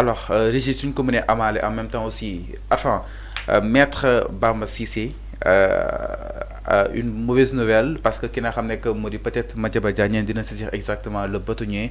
alors euh, Régis une commune amal. en même temps aussi enfin euh, maître euh, Bamba Cissé une mauvaise nouvelle parce que qui n'a ramené que peut-être Madjaba Diagne dina saisir exactement le bâtonnier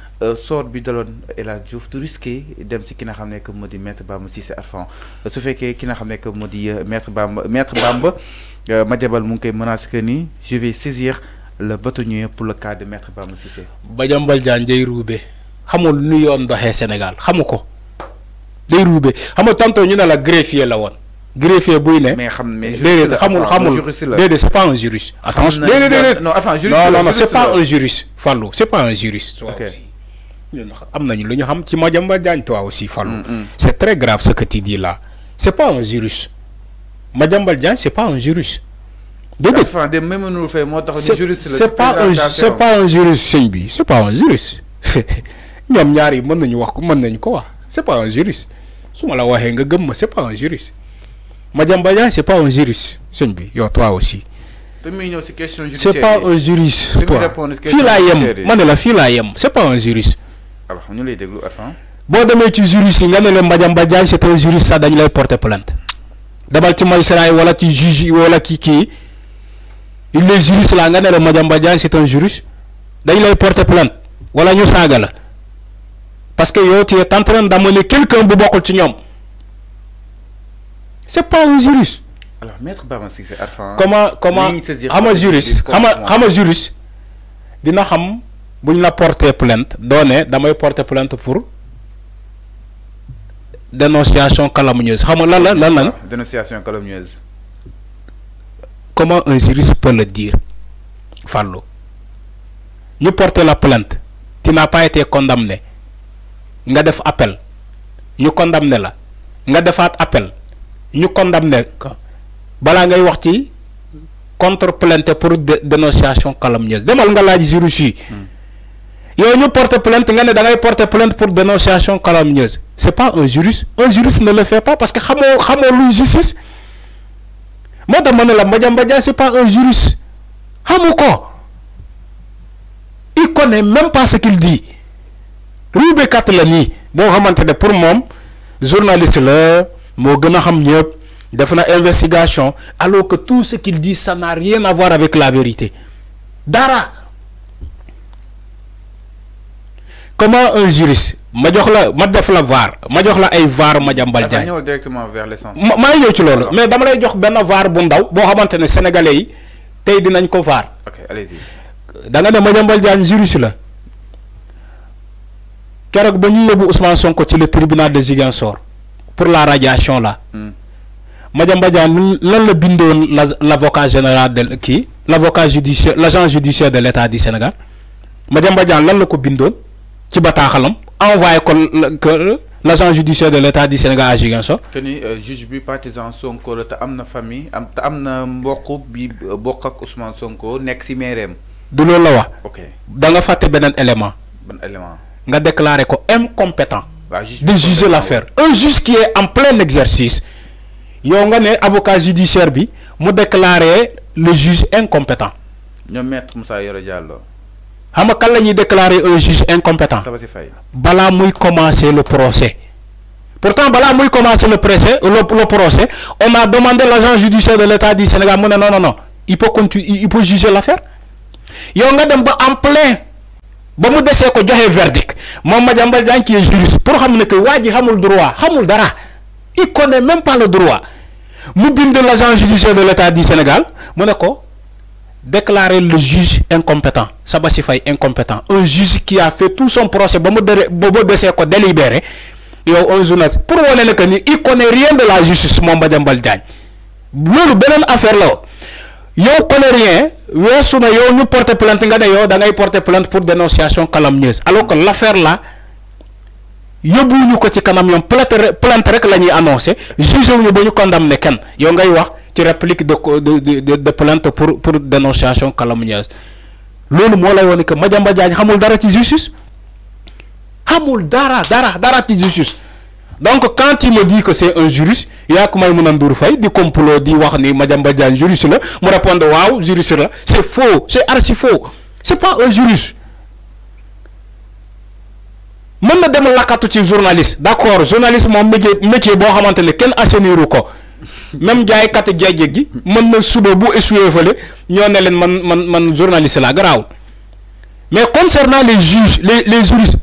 Euh, sort bi l'homme la la Diouf du risqué dem petit ki n'a xamné que modi bam maître Bamba Cissé Arfan euh, su féké ki nga xamné que modi euh, maître Bamba maître Bamba ma mu ngi koy que ni je vais saisir le bâtonnier pour le cas de maître Bamba Cissé. Madiambal Diagne day roubé xamul lu yoon doxee Sénégal xamu ko day ruube tantôt ñu la greffier la won greffier buy mais xam mais xamul xamul c'est pas un juriste. attention non non non non c'est pas un juriste Fallou c'est pas un juriste am nañu lu ñu xam ci Madiambal Diagne toi aussi Fallou mm, mm. c'est très grave ce que tu dis là c'est pas un virus Madiambal Diagne c'est pas un virus dëgg c'est pas un c'est pas un virus sëñ bi c'est pas un virus ñoom ñaar yi mën nañu wax ko mën nañu ko c'est pas un virus su ma la waxee nga gëm ma c'est pas un virus Madiambal Diagne c'est pas un virus sëñ bi yo toi aussi c'est pas un virus toi fii laa yem ma la fii yem c'est pas un virus alors ñu lay déglu F1. boo demee ci juriste yi le ne leen Mbadiane c'est un juriste sax dañu lay porter plainte demal ci magistrat yi wala ci juge yi wala ci kii il les juristes la nga le leen Mbadiane Mbadiane c'est un juriste dañu lay porter plainte wala ñu saaga la parce que yow tu es en train d'amener quelqu'un bu bokkul ci ñoom c'est pas un juriste. alors maître Baba Cissé Arfan. comment comment xama juriste xama xama juriste dina xam vous la porter plainte doo ne damay porter plainte pour dénonciation calomnieuse xam nga lan ah, dénonciation calomnieuse. comment un juriste peut le dire fallout nous porter la plainte tu n'as pas été condamné nga def appel ñu condamné la nga defaat appel ñu condamné ko balaa ngay wax contre plainte pour dénonciation calomnieuse demal nga juriste hmm yow ñu porte plainte nga da ngay porte plainte pour dénonciation calomnieuse c'est pas un juriste un juriste ne le fait pas parce que xamoo xamoo luy justice moo tax ne la pas un juriste xamu ko il connaît même pas ce qu'il dit ruubekat la bon, boo pour moi, journaliste là, moo gën la xam ñëpp def na investigation alors que tout ce qu'il dit ça n'a rien à voir avec la vérité dara comment un juriste ma jox la ma def la ma jox la ay var ma directement vers l'essence mais dama jox benn bu ndaw sénégalais yi dinañ ko da nga ne juriste la keroog ba ñu yóbbu Ousmane Sonko ci le tribunal de Ziguinchor pour la radiation là jamba hmm. Diagne lan la bindoon général de kii l'avocat judiciaire l'agent judiciaire de l'état du Sénégal jamba lan la ko ci bataxalam envoyé ko que l'agent judiciaire de l'état du Sénégal à Ziguinchor. que ni euh, juge bi partisan Sonko la amna famille am te amna beaucoup mbokk bi euh, bokk ak Ousmane Sonko nek ci maireem. du loolu la wax. ok da nga faté benen élément. ben élément. nga déclarer ko incompétent de juger l'affaire un juge qui est en plein exercice yow nga né avocat judiciaire bi mu déclarer le juge incompétent ñom maître Moussa Yoro Diallo xam a kan déclaré un juge incompétent bala muy commencer le procès pourtant bala muy commencer le procès le le procès on a demandé l'agent judiciaire de l'État du Sénégal non non non il peut continuer il peut juger l'affaire Il nga dem ba en plein ba mu que ko joxe verdict moom Madiambal Diagne qui est juriste pour xam que wadi ji xamul droit xamul dara il connaît même pas le droit mu bind l'agent judiciaire de l'État du Sénégal mu déclarer le juge incompétent Sabassi Faye incompétent un juge qui a fait tout son procès ba mu ba ba délibéré yow un journaliste pour wane ne que il connaît rien de la justice moom Madiambal Diagne loolu beneen affaire là yow connaît rien weesu na yow ñu porter plainte nga ne d'ailleurs da ngay porter plainte pour dénonciation calomnieuse alors que l'affaire là yóbbuwuñu ko ci kanam ñoom plainte plainte rek la ñuy annoncé jugé wuñu Juge ñu condamné kenn yow ngay wax tu réplique de de de de pour pour dénonciation calomnieuse que madame dara ci justice dara dara dara donc quand il me dit que c'est un juriste il ko may Ndour di complot di wax ni juriste la mu répondre c'est faux c'est archi faux c'est pas un juriste dem journaliste d'accord journaliste mom métier métier bo et ken même si kat jaay gi mën na suba bu man man man journaliste mais concernant les juges les les juristes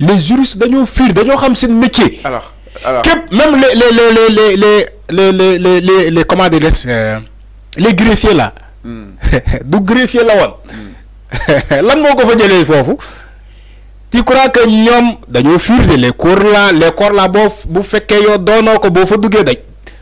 les juristes dañoo fiir dañoo xam métier. alors alors même les les les les les les les les les les greffiers là. du greffier la lan fa tu crois que les corps là les corps là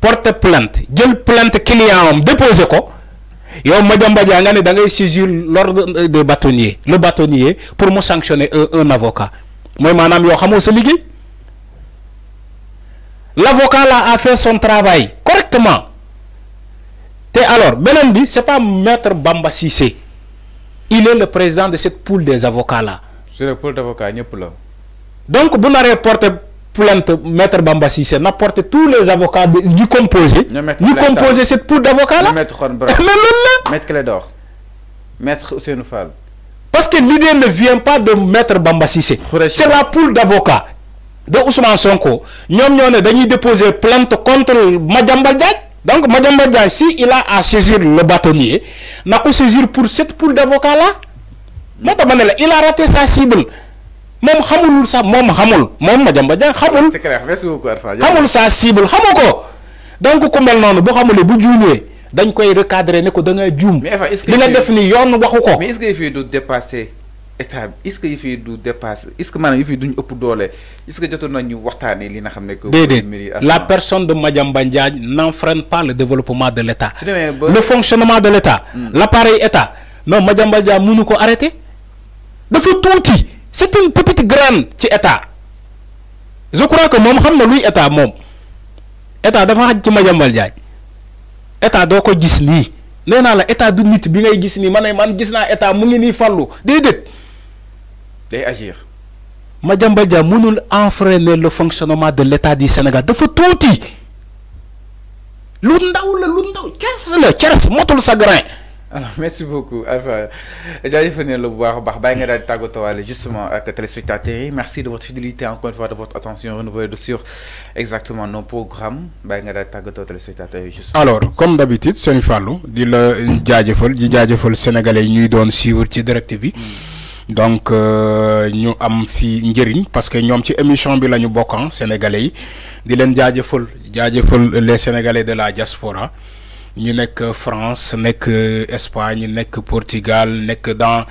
porte plainte jël plainte client am déposé ko yow Madiambal Diagne nga ne da ngay saisir l'ordre des bâtonniers, le bâtonnier pour me sanctionner un avocat moy manam yo xamoo sa liggéey l'avocat là a fait son travail correctement alors benen bi c'est pas maître Bamba Cissé il est le président de cette poule des avocats là. c'est pool poule d'avocats ñep la. donc bu naré porter plainte Maître Bamba Sissé n'apporte tous les avocats du composé. Du composé, cette poule d'avocats-là. Maître Maître Clédor. Maître Fall. Parce que l'idée ne vient pas de Maître Bamba Sissé. C'est la poule d'avocats de Ousmane Sonko. Nous avons déposer plainte contre madame Madjamba Donc madame Diagne, si il a à saisir le bâtonnier, n'a pas saisir pour cette poule d'avocats-là. Il a raté sa cible mom xamul sa mom xamul moom Madiambal Diagne xamul. xamul sa cible xamu donc ku mel noonu bu xamulé bu juumee dañ koy recadrer ne ko da nga juum. li nga def ni yoon waxuko mais est-ce que yëf yi du dépasser état est-ce que yëf yi du dépasser est-ce que manam yëf duñ ëpp doolé est-ce que jotoon ñu waxtané li nga xamné ko la personne de Madiambal Diagne n'enfreint pas le développement de l'État. le fonctionnement de l'État. Hmm. l'appareil État non Madiambal Diagne mënu ko arrêter dafa touti c'est une petite graine ci état je crois que mon xam na est état dafa devant ci Madiambal état Il dit état du nit bi man man gis na état mu ngi ni agir Madiambal enfreiner le fonctionnement de l'état du Sénégal dafa Il motul sa alors merci beaucoup Alpha jaajëfal le la bu baax a baax bàyyi nga justement ak téléspectateurs merci de votre fidélité encore une fois de votre attention renouvelée de sur exactement nos programmes bàyyi d'Al Tagoto, téléspectateurs alors comme d'habitude sëñ Fallou di la jaajëfal di jaajëfal sénégalais yi ñuy doon suivre ci direct TV. Hmm. donc euh, ñu am fii njëriñ parce que ñoom ci émission bi la ñu bokkan hein, sénégalais yi di leen jaajëfal jaajëfal les sénégalais de la diaspora ñu nekk France nekk Espagne nekk Portugal nekk dans